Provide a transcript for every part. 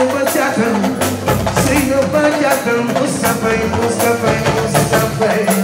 Mustafa, Mustafa, Mustafa, Mustafa.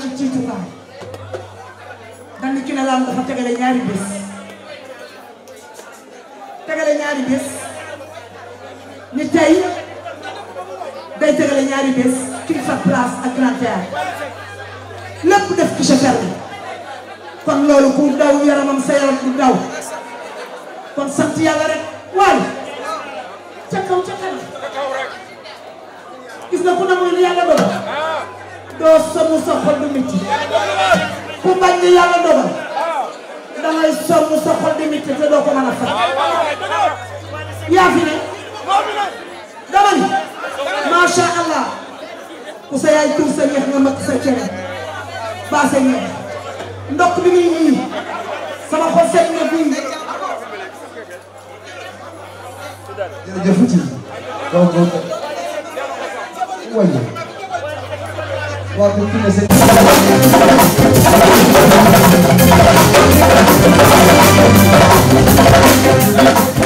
ci ciitukaay dandi ki ne laam dafa tegale ñaari bés tegale ñaari bés ni tey day tegale ñaari bés kilifa place ak grand théâtre lépp def ci chauffeur bi kon loolu ku daw yaramam sa yaram ku daw kon sant yàlla rek waaye ca kaw ca kanam gis na ku ne mooy lu yàlla doon doo sonn sa xol du métti ku bañ ni yàlla dogal dangay sonn sa xol du métti te doo ko mën a yaa fi ne dama ni macha allah ku sa yaay tur sa ñeex nga mag sa baa sa ñeex ndokk bi muy sama xol set nga waa